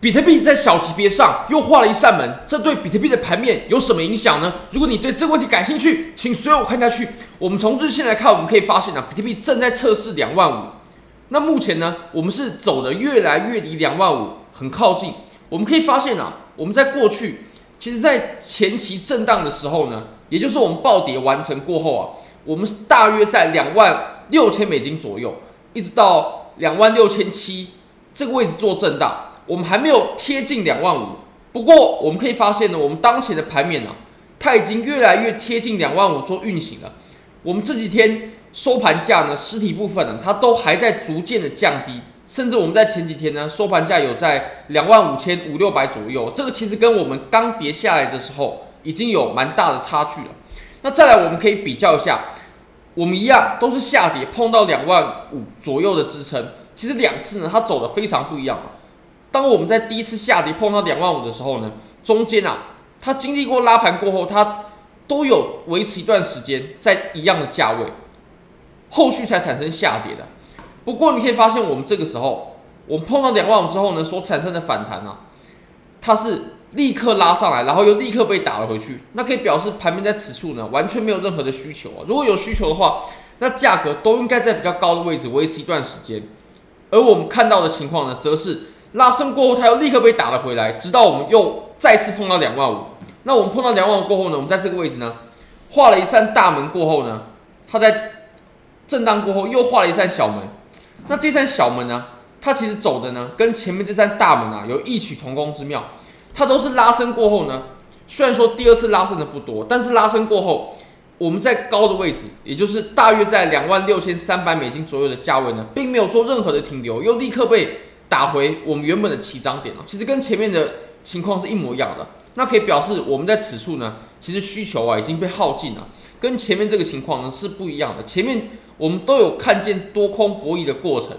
比特幣在小級別上又畫了一扇門，這對比特幣的盤面有什麼影響呢？如果你對這個問題感興趣，請隨我看下去。我們從日線來看，我們可以發現啊，比特幣正在測試兩萬五。那目前呢，我們是走的越來越離兩萬五很靠近。我們可以發現啊，我們在過去其實，在前期震盪的時候呢，也就是我們暴跌完成過後啊，我們是大約在兩萬六千美金左右，一直到兩萬六千七這個位置做震盪。我們還沒有貼近兩萬五，不過我們可以發現呢，我們當前的盤面呢、啊，它已經越來越貼近兩萬五做運行了。我們這幾天收盤價呢，實體部分呢，它都還在逐漸的降低，甚至我們在前幾天呢，收盤價有在兩萬五千五六百左右，這個其實跟我們剛跌下來的時候已經有蠻大的差距了。那再來，我們可以比較一下，我們一樣都是下跌碰到兩萬五左右的支撐，其實兩次呢，它走得非常不一樣。當我們在第一次下跌碰到兩萬五的時候呢，中間啊，它經歷過拉盤過後，它都有維持一段時間在一樣的價位，後續才產生下跌的。不過你可以發現，我們這個時候，我們碰到兩萬五之後呢，所產生的反彈呢、啊，它是立刻拉上來，然後又立刻被打了回去。那可以表示盤面在此處呢，完全沒有任何的需求啊。如果有需求的話，那價格都應該在比較高的位置維持一段時間。而我們看到的情況呢，則是。拉升過後，它又立刻被打了回來，直到我們又再次碰到兩萬五。那我們碰到兩萬五過後呢？我們在這個位置呢，畫了一扇大門過後呢，它在震盪過後又畫了一扇小門。那這扇小門呢，它其實走的呢，跟前面這扇大門啊有異曲同工之妙。它都是拉升過後呢，雖然說第二次拉升的不多，但是拉升過後，我們在高的位置，也就是大約在兩萬六千三百美金左右的價位呢，並沒有做任何的停留，又立刻被。打回我們原本的起漲點啊，其實跟前面的情況是一模一樣的。那可以表示我們在此處呢，其實需求啊已經被耗盡了，跟前面這個情況呢是不一樣的。前面我們都有看見多空博弈的過程，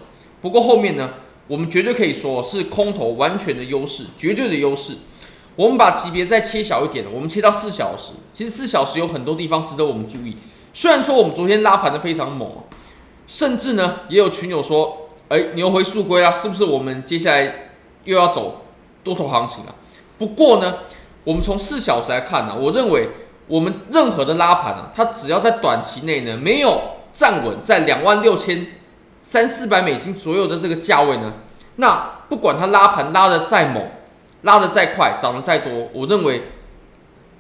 不過後面呢，我們絕對可以說是空頭完全的優勢，絕對的優勢。我們把級別再切小一點，我們切到四小時，其實四小時有很多地方值得我們注意。雖然說我們昨天拉盤的非常猛，甚至呢也有群友說。哎、欸，牛回速歸啊，是不是？我們接下來又要走多頭行情了，啊？不過呢，我們從四小時來看呢，啊，我認為我們任何的拉盤啊，它只要在短期內呢沒有站穩在兩萬六千三四百美金左右的這個價位呢，那不管它拉盤拉得再猛，拉得再快，漲得再多，我認為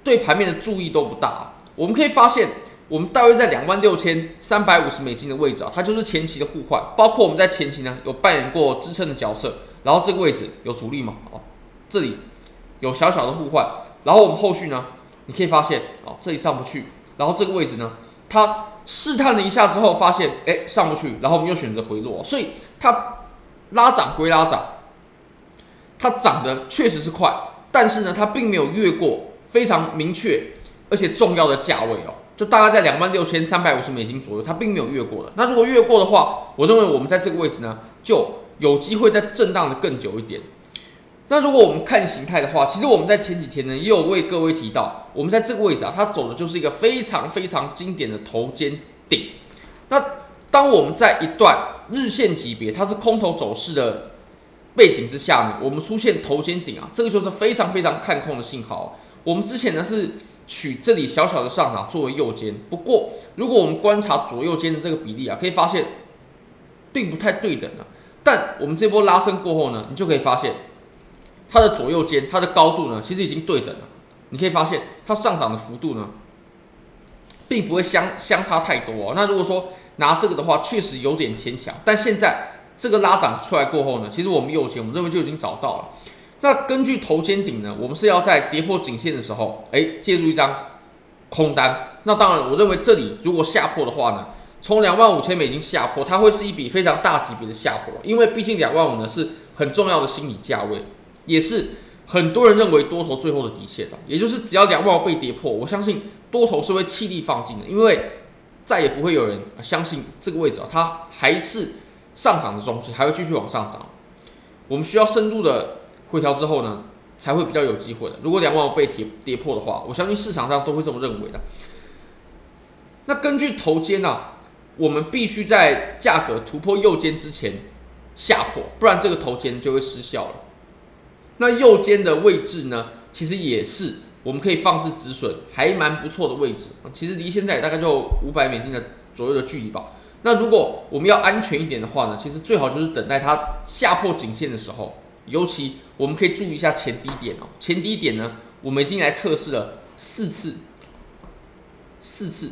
對盤面的助益都不大。我們可以發現。我們大約在兩萬六千三百五十美金的位置啊，它就是前期的互換，包括我們在前期呢有扮演過支撐的角色，然後這個位置有阻力嘛，哦，這裡有小小的互換，然後我們後續呢，你可以發現哦，這裡上不去，然後這個位置呢，它試探了一下之後，發現哎、欸、上不去，然後我們又選擇回落，所以它拉漲歸拉漲，它漲得確實是快，但是呢，它並沒有越過非常明確而且重要的價位哦。就大概在兩萬六千三百五十美金左右，它並沒有越過了。的那如果越過的話，我認為我們在這個位置呢，就有機會再震盪的更久一點。那如果我們看形態的話，其實我們在前幾天呢，也有為各位提到，我們在這個位置啊，它走的就是一個非常非常經典的頭肩頂。那當我們在一段日線級別，它是空頭走勢的背景之下呢，我們出現頭肩頂啊，這個就是非常非常看空的信號。我們之前呢是。取這裡小小的上漲作為右肩，不過如果我們觀察左右肩的這個比例啊，可以發現並不太對等啊。但我們這波拉升過後呢，你就可以發現它的左右肩它的高度呢，其實已經對等了。你可以發現它上漲的幅度呢，並不會相相差太多。那如果說拿這個的話，確實有點牽強。但現在這個拉漲出來過後呢，其實我們右肩我們認為就已經找到了。那根據頭肩頂呢，我們是要在跌破頸線的時候，誒、欸，介入一張空單。那當然，我認為這裡如果下破的話呢，從兩萬五千美金下破，它會是一筆非常大級別的下破，因為畢竟兩萬五呢是很重要的心理價位，也是很多人認為多頭最後的底線了。也就是只要兩萬五被跌破，我相信多頭是會氣力放盡的，因為再也不會有人相信這個位置啊，它還是上漲的中樞，還會繼續往上漲。我們需要深度的。回調之後呢，才會比較有機會的。如果兩萬五被跌跌破的話，我相信市場上都會這麼認為的。那根據頭肩啊，我們必須在價格突破右肩之前下破，不然這個頭肩就會失效了。那右肩的位置呢，其實也是我們可以放置止損還蠻不錯的位置，其實離現在大概就五百美金的左右的距離吧。那如果我們要安全一點的話呢，其實最好就是等待它下破頸線的時候。尤其我們可以注意一下前低點哦，前低點呢，我們已經來測試了四次，四次，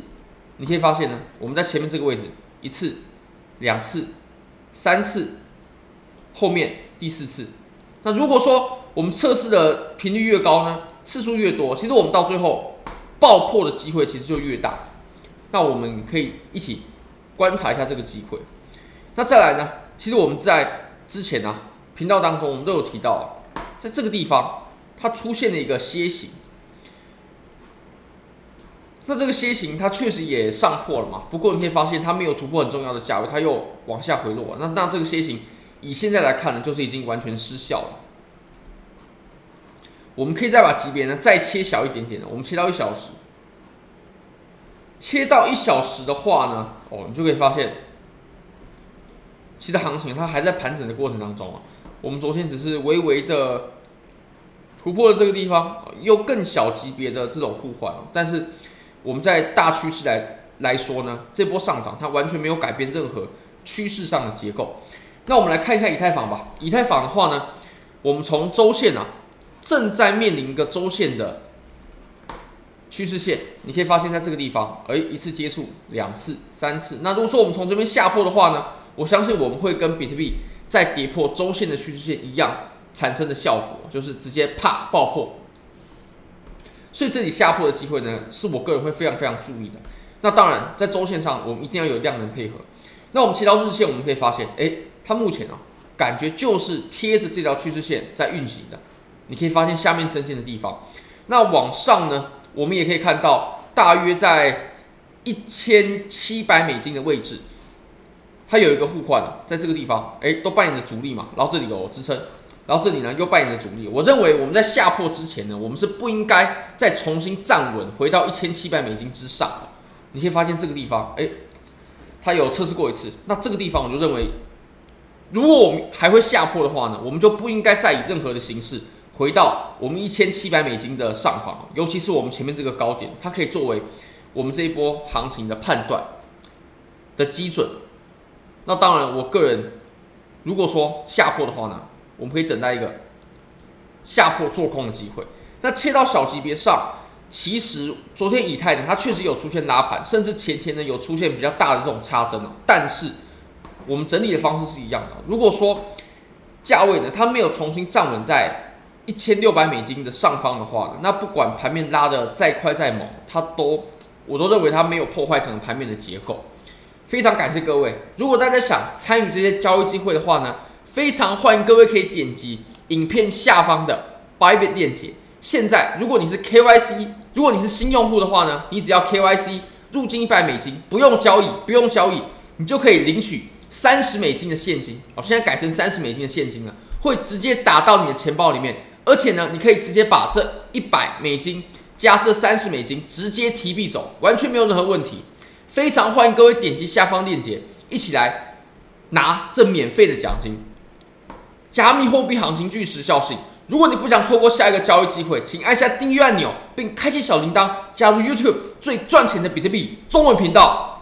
你可以發現呢，我們在前面這個位置一次、兩次、三次，後面第四次。那如果說我們測試的頻率越高呢，次數越多，其實我們到最後爆破的機會其實就越大。那我們可以一起觀察一下這個機會。那再來呢，其實我們在之前呢、啊。頻道當中，我們都有提到，在這個地方，它出現了一個楔形。那這個楔形，它確實也上破了嘛。不過你可以發現，它沒有突破很重要的價位，它又往下回落。那那這個楔形，以現在來看呢，就是已經完全失效了。我們可以再把級別呢，再切小一點點，我們切到一小時。切到一小時的話呢，哦，你就可以發現，其實行情它還在盤整的過程當中啊。我們昨天只是微微的突破了這個地方，又更小級別的這種互換，但是我們在大趨勢來來說呢，這波上漲它完全沒有改變任何趨勢上的結構。那我們來看一下以太坊吧，以太坊的話呢，我們從周線啊，正在面臨一個周線的趨勢線，你可以發現在這個地方，哎，一次接觸，兩次，三次。那如果說我們從這邊下破的話呢，我相信我們會跟比特幣。再跌破週線的趨勢線一樣產生的效果，就是直接啪爆破。所以這裡下破的機會呢，是我個人會非常非常注意的。那當然，在週線上，我們一定要有量能配合。那我們切到日線，我們可以發現，哎、欸，它目前啊、喔，感覺就是貼着這條趨勢線在運行的。你可以發現下面增進的地方，那往上呢，我們也可以看到，大約在一千七百美金的位置。它有一個互換了，在這個地方，哎，都扮演着阻力嘛。然後這裡有我支撐，然後這裡呢又扮演着阻力。我認為我們在下破之前呢，我們是不應該再重新站穩回到一千七百美金之上的。你可以發現這個地方，哎，它有測試過一次。那這個地方，我就認為，如果我們還會下破的話呢，我們就不應該再以任何的形式回到我們一千七百美金的上方。尤其是我們前面這個高點，它可以作為我們這一波行情的判斷的基準。那當然，我個人如果說下破的話呢，我們可以等待一個下破做空的機會。那切到小級別上，其實昨天以太呢，它確實有出現拉盤，甚至前天呢有出現比較大的這種插針，但是我們整理的方式是一樣的。如果說價位呢，它沒有重新站穩在一千六百美金的上方的話呢，那不管盤面拉得再快再猛，它都我都認為它沒有破壞整個盤面的結構。非常感謝各位。如果大家想參與這些交易機會的話呢，非常歡迎各位可以點擊影片下方的 Bybit 鏈接。現在，如果你是 KYC，如果你是新用戶的話呢，你只要 KYC 入金一百美金，不用交易，不用交易，你就可以領取三十美金的現金。哦，現在改成三十美金的現金了，會直接打到你的錢包裡面。而且呢，你可以直接把這一百美金加這三十美金直接提幣走，完全沒有任何問題。非常歡迎各位點擊下方鏈接，一起來拿這免費的獎金！加密貨幣行情具時效性，如果你不想錯過下一個交易機會，請按下訂閱按鈕，並開啟小鈴鐺，加入 YouTube 最賺錢的比特幣中文頻道。